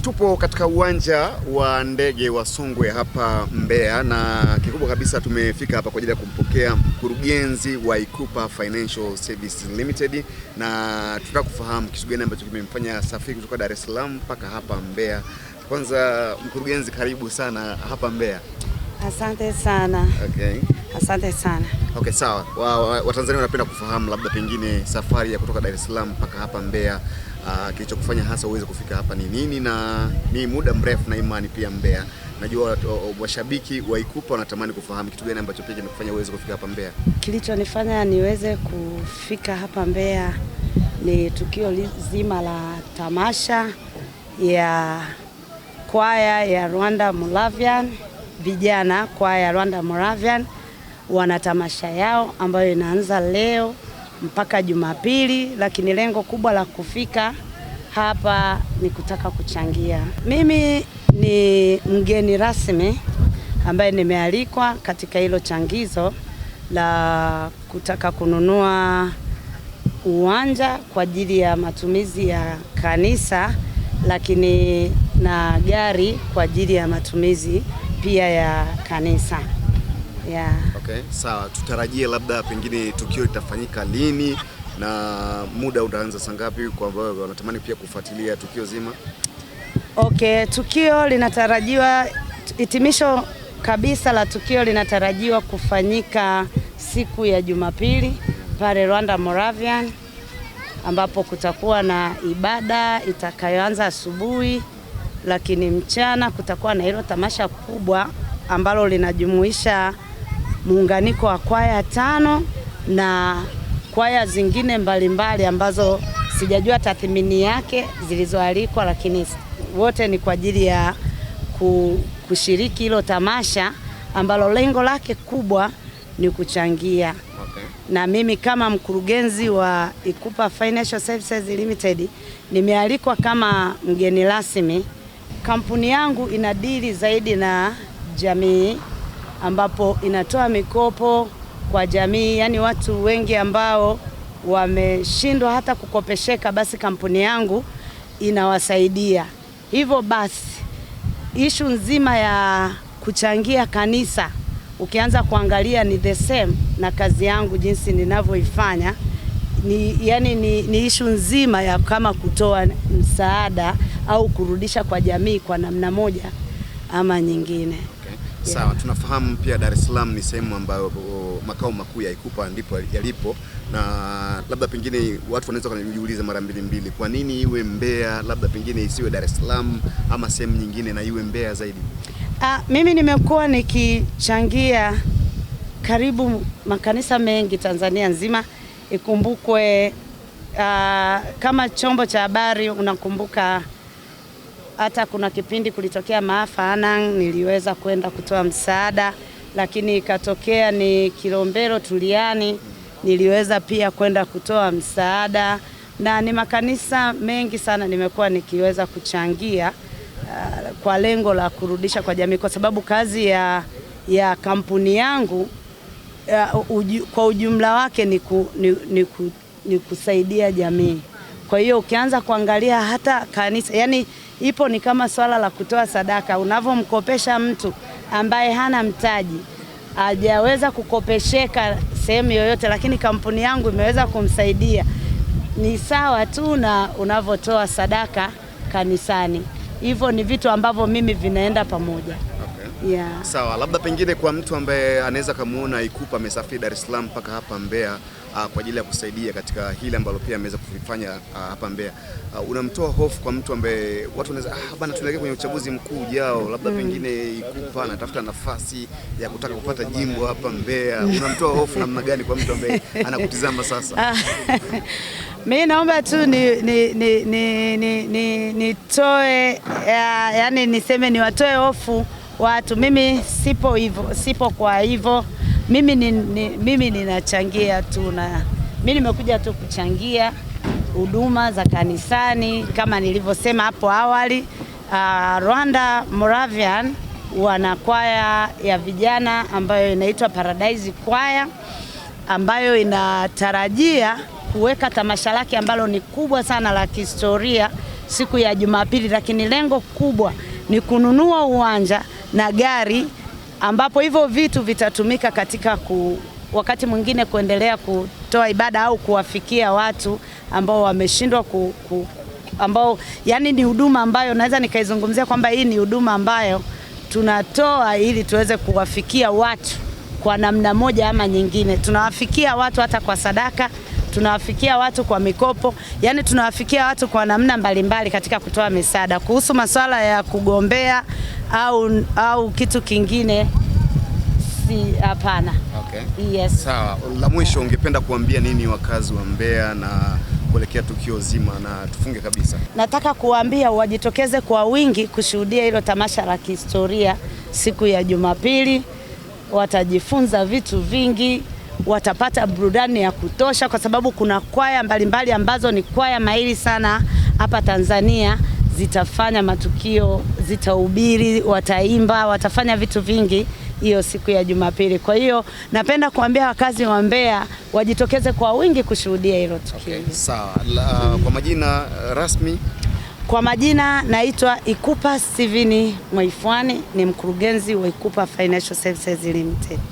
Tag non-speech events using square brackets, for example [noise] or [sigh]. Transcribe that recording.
Tupo katika uwanja wa ndege wa Songwe hapa Mbeya, na kikubwa kabisa tumefika hapa kwa ajili ya kumpokea mkurugenzi wa Ikupa Financial Services Limited, na tutataka kufahamu kitu gani ambacho kimemfanya safiri kutoka Dar es Salaam mpaka hapa Mbeya. Kwanza mkurugenzi, karibu sana hapa Mbeya. Asante sana. Okay. Asante sana. Okay, sawa. Watanzania wa, wa wanapenda kufahamu labda pengine safari ya kutoka Dar es Salaam mpaka hapa Mbeya uh, kilichokufanya hasa uweze kufika hapa ni nini, na ni muda mrefu na imani pia Mbeya. Najua washabiki wa Ikupa wanatamani kufahamu kitu gani ambacho pia kimekufanya uweze kufika hapa Mbeya. Kilichonifanya niweze kufika hapa Mbeya ni tukio zima la tamasha ya kwaya ya Rwanda Moravian, vijana kwaya ya Rwanda Moravian wana tamasha yao ambayo inaanza leo mpaka Jumapili, lakini lengo kubwa la kufika hapa ni kutaka kuchangia. Mimi ni mgeni rasmi ambaye nimealikwa katika hilo changizo la kutaka kununua uwanja kwa ajili ya matumizi ya kanisa, lakini na gari kwa ajili ya matumizi pia ya kanisa yeah. Okay, sawa, tutarajie labda pengine tukio litafanyika lini na muda utaanza saa ngapi, kwa ambao wanatamani pia kufuatilia tukio zima? Okay, tukio linatarajiwa, hitimisho kabisa la tukio linatarajiwa kufanyika siku ya Jumapili pale Rwanda Moravian ambapo kutakuwa na ibada itakayoanza asubuhi, lakini mchana kutakuwa na hilo tamasha kubwa ambalo linajumuisha muunganiko wa kwaya tano na kwaya zingine mbalimbali mbali ambazo sijajua tathmini yake zilizoalikwa, lakini wote ni kwa ajili ya kushiriki hilo tamasha ambalo lengo lake kubwa ni kuchangia okay. Na mimi kama mkurugenzi wa Ikupa Financial Services Limited nimealikwa kama mgeni rasmi. Kampuni yangu ina zaidi na jamii ambapo inatoa mikopo kwa jamii, yaani watu wengi ambao wameshindwa hata kukopesheka, basi kampuni yangu inawasaidia. Hivyo basi ishu nzima ya kuchangia kanisa ukianza kuangalia ni the same na kazi yangu jinsi ninavyoifanya ni, yani ni, ni ishu nzima ya kama kutoa msaada au kurudisha kwa jamii kwa namna moja ama nyingine. Sawa, tunafahamu pia Dar es Salaam ni sehemu ambayo uh, makao makuu ya Ikupa ndipo yalipo, na labda pengine watu wanaweza kujiuliza mara mbili mbili, kwa nini iwe Mbeya, labda pengine isiwe Dar es Salaam ama sehemu nyingine na iwe Mbeya zaidi? A, ah, mimi nimekuwa nikichangia karibu makanisa mengi Tanzania nzima. Ikumbukwe ah, kama chombo cha habari unakumbuka hata kuna kipindi kulitokea maafa Hanang, niliweza kwenda kutoa msaada, lakini ikatokea ni Kilombero Tuliani, niliweza pia kwenda kutoa msaada, na ni makanisa mengi sana nimekuwa nikiweza kuchangia uh, kwa lengo la kurudisha kwa jamii, kwa sababu kazi ya, ya kampuni yangu uh, uju, kwa ujumla wake ni, ku, ni, ni, ku, ni kusaidia jamii. Kwa hiyo ukianza kuangalia hata kanisa yani ipo ni kama swala la kutoa sadaka. Unavyomkopesha mtu ambaye hana mtaji, hajaweza kukopesheka sehemu yoyote, lakini kampuni yangu imeweza kumsaidia, ni sawa tu na unavyotoa sadaka kanisani. Hivyo ni vitu ambavyo mimi vinaenda pamoja. Yeah. Sawa, labda pengine kwa mtu ambaye anaweza kumuona Ikupa amesafiri Dar es Salaam mpaka hapa Mbeya uh, kwa ajili ya kusaidia katika hili ambalo pia ameweza kufanya uh, hapa Mbeya. Uh, unamtoa hofu kwa mtu ambaye watu wanaweza ah, bana tunaelekea kwenye uchaguzi mkuu ujao, labda hmm. pengine Ikupa anatafuta nafasi ya kutaka kupata jimbo hapa Mbeya. Unamtoa hofu namna gani kwa mtu ambaye anakutizama sasa? Ah, [laughs] mimi naomba tu ni ni ni ni ni, ni, ni toe ya, yani niseme niwatoe hofu watu. Mimi sipo hivyo, sipo kwa hivyo mimi ni, ni, mimi ninachangia tu na mimi nimekuja tu kuchangia huduma za kanisani kama nilivyosema hapo awali. Uh, Rwanda Moravian wana kwaya ya vijana ambayo inaitwa Paradise Kwaya ambayo inatarajia kuweka tamasha lake ambalo ni kubwa sana la kihistoria siku ya Jumapili, lakini lengo kubwa ni kununua uwanja na gari ambapo hivyo vitu vitatumika katika ku, wakati mwingine kuendelea kutoa ibada au kuwafikia watu ambao wameshindwa ku, ku, ambao yani ni huduma ambayo naweza nikaizungumzia kwamba hii ni huduma ambayo tunatoa ili tuweze kuwafikia watu kwa namna moja ama nyingine. Tunawafikia watu hata kwa sadaka tunawafikia watu kwa mikopo, yani tunawafikia watu kwa namna mbalimbali mbali katika kutoa misaada. Kuhusu masuala ya kugombea au, au kitu kingine si hapana. Okay. Yes. Sawa, la mwisho ungependa kuambia nini wakazi wa Mbeya na kuelekea tukio zima na tufunge kabisa? Nataka kuambia wajitokeze kwa wingi kushuhudia hilo tamasha la kihistoria siku ya Jumapili, watajifunza vitu vingi watapata burudani ya kutosha, kwa sababu kuna kwaya mbalimbali mbali ambazo ni kwaya mahiri sana hapa Tanzania, zitafanya matukio, zitahubiri, wataimba, watafanya vitu vingi hiyo siku ya Jumapili. Kwa hiyo napenda kuambia wakazi wa Mbeya wajitokeze kwa wingi kushuhudia hilo tukio. Okay, sawa. La, uh, kwa majina uh, rasmi kwa majina naitwa Ikupa Steveni Mwaifwani, ni mkurugenzi wa Ikupa Financial Services Limited.